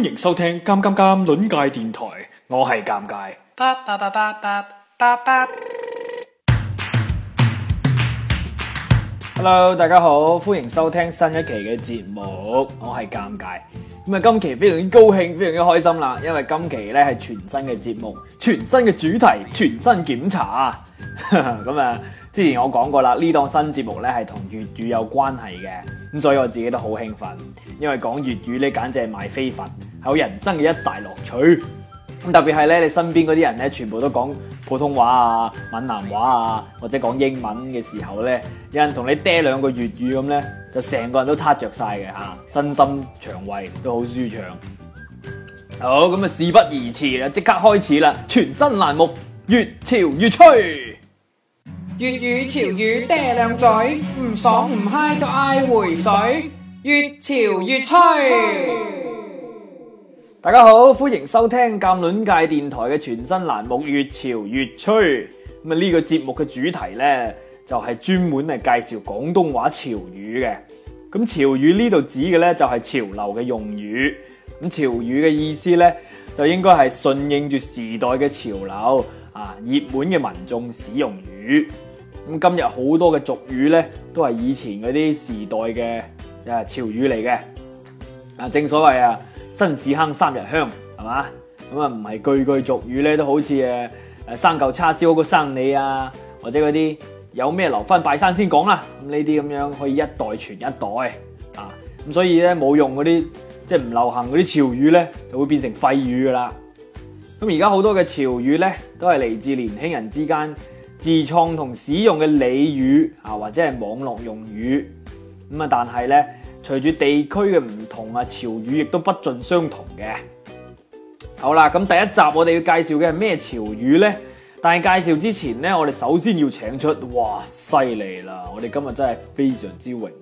歡迎收聽《尷尷尷》鄰界電台，我係尷尬。Hello，大家好，歡迎收聽新一期嘅節目，我係尷尬。咁啊，今期非常之高興，非常之開心啦，因為今期咧係全新嘅節目，全新嘅主題，全新檢查。咁啊，之前我講過啦，呢檔新節目咧係同粵語有關係嘅，咁所以我自己都好興奮，因為講粵語咧簡直係賣飛佛。係人生嘅一大樂趣，咁特別係咧，你身邊嗰啲人咧，全部都講普通話啊、閩南話啊，或者講英文嘅時候咧，有人同你嗲兩個粵語咁咧，就成個人都撻着晒嘅嚇，身心腸胃都好舒暢。好，咁啊，事不宜遲啦，即刻開始啦，全新欄目《粵潮粵吹》，粵語潮語嗲兩嘴，唔爽唔嗨，就嗌回水，粵潮粵吹。大家好，歡迎收聽鑒論界電臺嘅全新欄目《粵潮粵吹》。咁啊，呢個節目嘅主題呢，就係專門嚟介紹廣東話潮語嘅。咁潮語呢度指嘅呢，就係潮流嘅用語。咁潮語嘅意思呢，就應該係順應住時代嘅潮流啊，熱門嘅民眾使用語。咁今日好多嘅俗語呢，都係以前嗰啲時代嘅誒潮語嚟嘅。啊，正所謂啊。新屎坑三日香，係嘛？咁啊，唔係句句俗語咧，都好似誒誒生嚿叉燒好過生你啊，或者嗰啲有咩留翻拜山先講啊。咁呢啲咁樣可以一代傳一代啊。咁所以咧冇用嗰啲即係唔流行嗰啲潮語咧，就會變成廢語噶啦。咁而家好多嘅潮語咧，都係嚟自年輕人之間自創同使用嘅俚語啊，或者係網絡用語。咁啊，但係咧。隨住地區嘅唔同啊，潮語亦都不盡相同嘅。好啦，咁第一集我哋要介紹嘅係咩潮語呢？但係介紹之前呢，我哋首先要請出，哇，犀利啦！我哋今日真係非常之榮幸，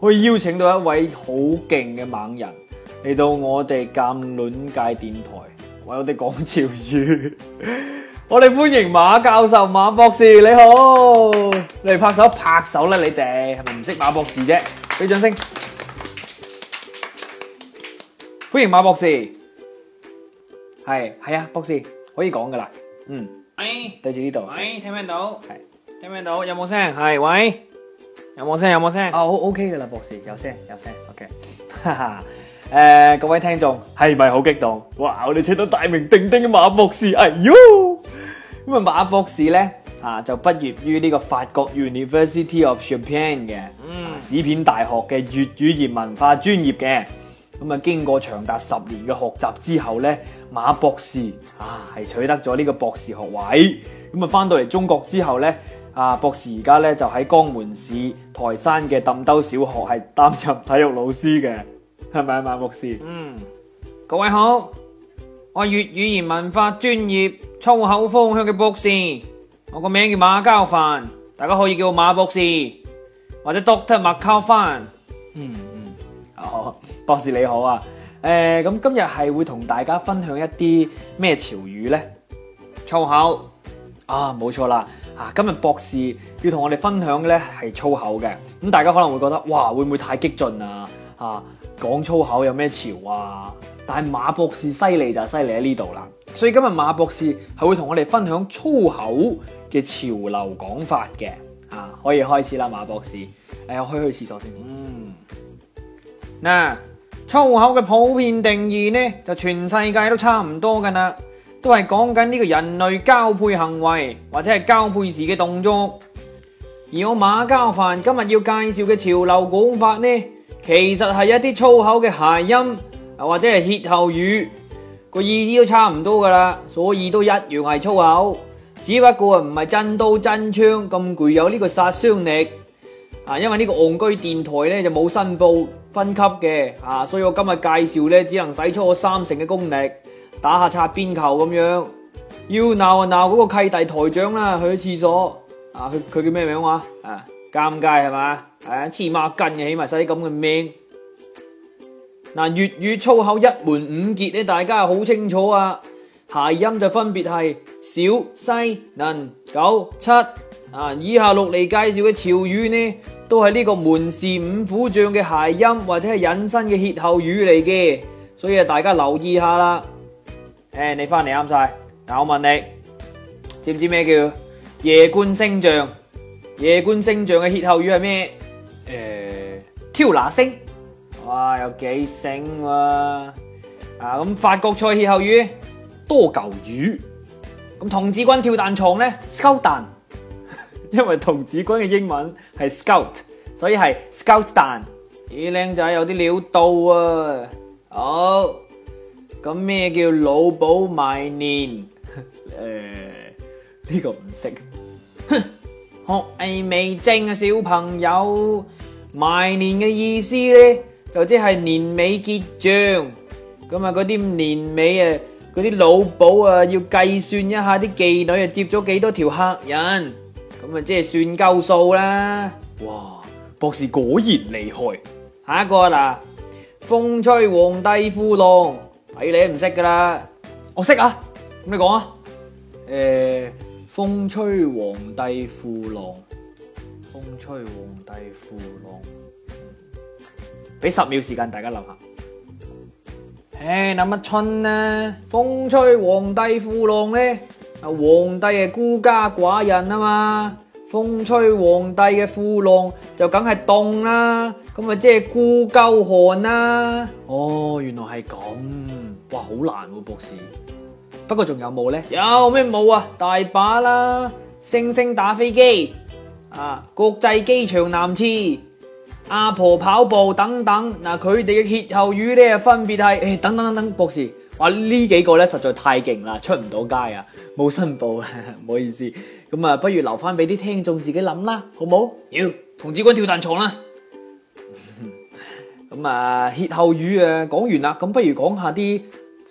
可以邀請到一位好勁嘅猛人嚟到我哋鑑論界電台，為我哋講潮語。 我哋歡迎馬教授、馬博士，你好，嚟拍手拍手啦！你哋係咪唔識馬博士啫？俾掌聲，歡迎馬博士，係係啊，博士可以講噶啦，嗯，喂，對住呢度，喂，聽唔聽到？係，聽唔聽到？有冇聲？係，喂，有冇聲？有冇聲？哦，好 OK 噶啦，博士有聲有聲，OK，哈哈，誒，各位聽眾係咪好激動？哇，我哋請到大名鼎鼎嘅馬博士，哎喲！咁啊，馬博士咧啊，就畢業於呢個法國 University of Champagne 嘅、嗯啊、史片大學嘅粵語言文化專業嘅。咁啊，經過長達十年嘅學習之後咧，馬博士啊，係取得咗呢個博士學位。咁啊，翻到嚟中國之後咧，啊博士而家咧就喺江門市台山嘅氹兜小學係擔任體育老師嘅，係咪啊，馬博士？嗯，各位好。我係粵語言文化專業粗口方向嘅博士，我個名叫馬交范，大家可以叫我馬博士或者 Doctor Macao Fan。嗯嗯，哦，博士你好啊，誒、呃，咁今日係會同大家分享一啲咩潮語呢？粗口啊，冇錯啦，啊，今日博士要同我哋分享嘅咧係粗口嘅，咁大家可能會覺得，哇，會唔會太激進啊？啊，講粗口有咩潮啊？但係馬博士犀利就犀利喺呢度啦，所以今日馬博士係會同我哋分享粗口嘅潮流講法嘅，啊，可以開始啦，馬博士，誒、哎，我可以去廁所先。嗯，嗱、呃，粗口嘅普遍定義呢，就全世界都差唔多噶啦，都係講緊呢個人類交配行為或者係交配時嘅動作，而我馬交凡今日要介紹嘅潮流講法呢？其實係一啲粗口嘅諧音，啊，或者係歇後語，個意思都差唔多噶啦，所以都一樣係粗口，只不過唔係真刀真槍咁具有呢個殺傷力，啊，因為呢個戇居電台呢就冇申報分級嘅，啊，所以我今日介紹呢，只能使出我三成嘅功力，打下擦邊球咁樣，要鬧啊鬧嗰個契弟台長啦，去咗廁所，啊佢，佢叫咩名話，啊，尷尬係嘛？是係啊，黐孖筋嘅，起埋晒啲咁嘅名嗱。粵語粗口一門五傑咧，大家好清楚啊。諧音就分別係小西能九七啊。以下六嚟介紹嘅潮語咧，都係呢個門市五虎將嘅諧音或者係引申嘅歇後語嚟嘅，所以啊，大家留意下啦。誒，你翻嚟啱晒嗱，我問你知唔知咩叫夜觀星象？夜觀星象嘅歇後語係咩？誒，跳哪星？哇，有幾星喎！啊，咁法國菜歇後語多嚿魚。咁童子軍跳彈床咧，scout 彈，因為童子軍嘅英文係 scout，所以係 scout 彈。咦，靚仔有啲料到啊！好，咁咩叫老保買年？誒，呢個唔識。學藝未精嘅小朋友，埋年嘅意思咧，就即係年尾結賬。咁啊，嗰啲年尾啊，嗰啲老保啊，要計算一下啲妓女啊接咗幾多條客人，咁啊，即係算夠數啦。哇，博士果然厲害。下一個啊，嗱，風吹皇帝呼浪。睇你唔識噶啦，我識啊，咁你講啊，誒。風吹皇帝褲浪，風吹皇帝褲浪，俾十秒時間大家諗下。唉、哎，諗乜春呢？風吹皇帝褲浪咧，啊，皇帝係孤家寡人啊嘛，風吹皇帝嘅褲浪就梗係凍啦，咁啊即係孤鳩寒啦。哦，原來係咁，哇，好難喎，啊，博士。不過仲有冇呢？有咩冇啊？大把啦，星星打飛機啊，國際機場男廁，阿婆跑步等等。嗱、啊，佢哋嘅歇後語呢，分別係誒，等等等等，博士話呢幾個呢，實在太勁啦，出唔到街啊，冇申報啊，唔好意思。咁啊，不如留翻俾啲聽眾自己諗啦，好冇？要童子軍跳彈床啦。咁 啊，歇後語啊講完啦，咁不如講下啲。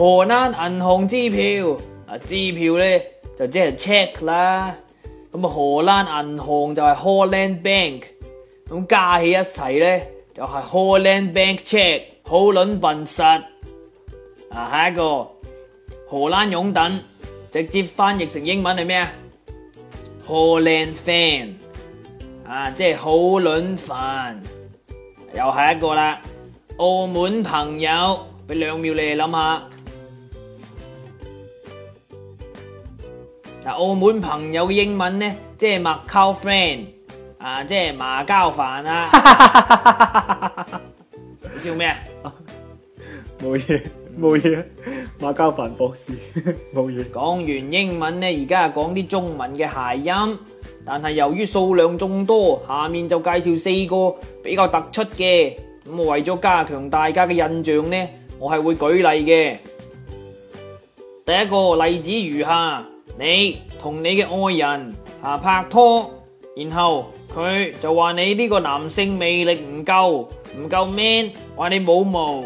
荷蘭銀行支票啊，支票咧，就即係 check 啦。咁啊，荷蘭銀行就係 Holland Bank。咁加起一齊咧，就係 Holland Bank Check，好卵笨實。啊，下一個荷蘭擁躉直接翻譯成英文係咩啊？Holland Fan。啊，即係好卵煩。又下一個啦，澳門朋友畀兩秒你諗下。澳門朋友嘅英文咧，即係麥交 friend 啊，即係麻交飯啊！你笑咩啊？冇嘢冇嘢，麻交飯博士冇嘢。講完英文咧，而家係講啲中文嘅諧音，但係由於數量眾多，下面就介紹四個比較突出嘅。咁我為咗加強大家嘅印象咧，我係會舉例嘅。第一個例子如下。你同你嘅愛人、啊、拍拖，然後佢就話你呢個男性魅力唔夠，唔夠 man，話你冇毛，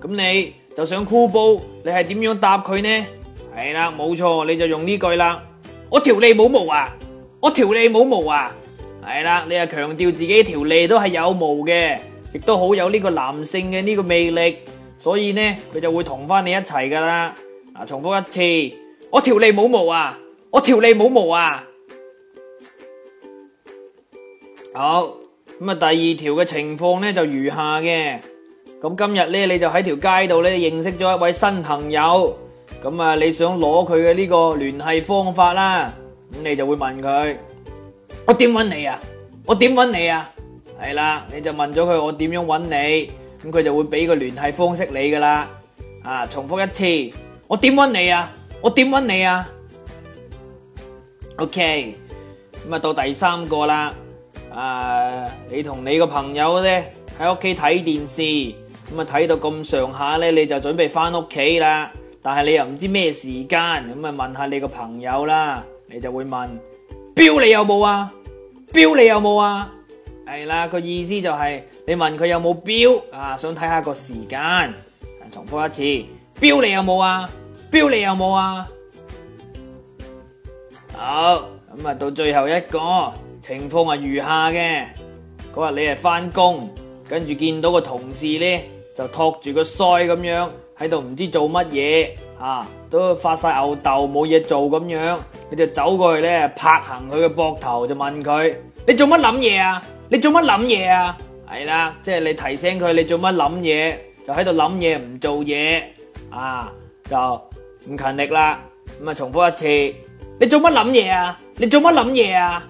咁你就想箍煲，你係點樣答佢呢？係啦，冇錯，你就用呢句啦。我條脷冇毛啊，我條脷冇毛啊。係啦，你又強調自己條脷都係有毛嘅，亦都好有呢個男性嘅呢個魅力，所以呢佢就會同返你一齊㗎啦、啊。重複一次。我條脷冇毛啊！我條脷冇毛啊！好，咁啊，第二條嘅情況咧就如下嘅。咁今日咧，你就喺條街度咧認識咗一位新朋友，咁啊你想攞佢嘅呢個聯繫方法啦，咁你就會問佢：我點搵你啊？我點搵你啊？係啦，你就問咗佢我點樣搵你，咁佢就會俾個聯繫方式你噶啦。啊，重複一次，我點搵你啊？我點揾你啊？OK，咁啊到第三個啦。啊，你同你個朋友咧喺屋企睇電視，咁啊睇到咁上下咧，你就準備翻屋企啦。但係你又唔知咩時間，咁啊問下你個朋友啦，你就會問：表你有冇啊？表你有冇啊？係啦，個意思就係你問佢有冇表啊，想睇下個時間。重複一次，表你有冇啊？標你有冇啊？好咁啊，到最後一個情況啊，如下嘅，嗰日你係翻工，跟住見到個同事咧就托住個腮咁樣喺度唔知做乜嘢啊，都發晒吽哣冇嘢做咁樣，你就走過去咧拍行佢個膊頭就問佢：你做乜諗嘢啊？你做乜諗嘢啊？係啦，即係你提醒佢你做乜諗嘢，就喺度諗嘢唔做嘢啊，就。唔勤力啦，咁啊重複一次。你做乜諗嘢啊？你做乜諗嘢啊？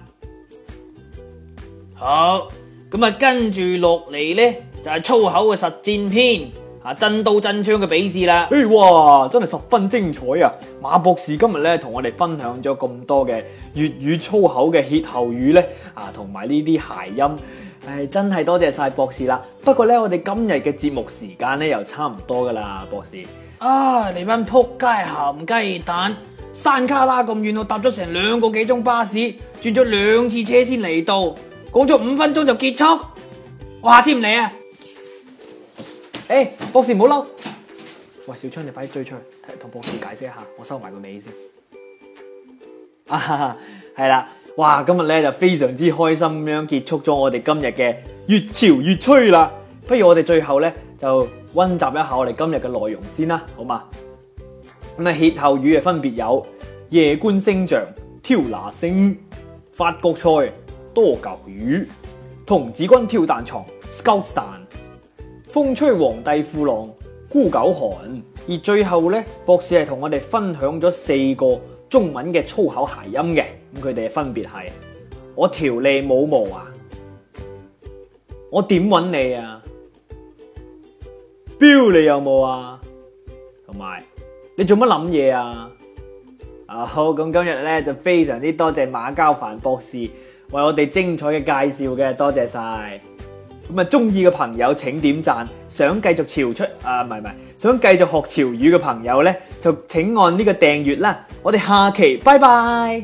好，咁啊跟住落嚟，呢就係粗口嘅實戰篇，啊真刀真槍嘅比試啦。誒哇，真係十分精彩啊！馬博士今日呢同我哋分享咗咁多嘅粵語粗口嘅歇後語呢，啊同埋呢啲諧音。誒、哎，真係多謝晒博士啦！不過咧，我哋今日嘅節目時間咧又差唔多噶啦，博士。啊，你班扑街鹹雞蛋，山卡拉咁遠，我搭咗成兩個幾鐘巴士，轉咗兩次車先嚟到，講咗五分鐘就結束，我下次唔嚟啊！誒、欸，博士唔好嬲，喂，小春，你快啲追出去，同博士解釋一下，我收埋個尾先。啊， 係啦。哇！今日咧就非常之開心咁樣結束咗我哋今日嘅粵潮粵吹啦。不如我哋最後咧就溫習一下我哋今日嘅內容先啦，好嘛？咁啊歇後語啊分別有夜觀星象、挑拿星、法國菜、多嚿魚、童子軍跳彈床、Scouts 蛋、風吹皇帝褲浪、孤狗寒。而最後咧，博士係同我哋分享咗四個中文嘅粗口諧音嘅。佢哋分別係我條脷冇毛啊，我點揾你啊？標你有冇啊？同埋你做乜諗嘢啊？啊好，咁今日咧就非常之多謝馬交凡博士為我哋精彩嘅介紹嘅，多謝晒。咁啊，中意嘅朋友請點讚，想繼續潮出啊，唔係唔係，想繼續學潮語嘅朋友咧，就請按呢個訂閱啦。我哋下期拜拜。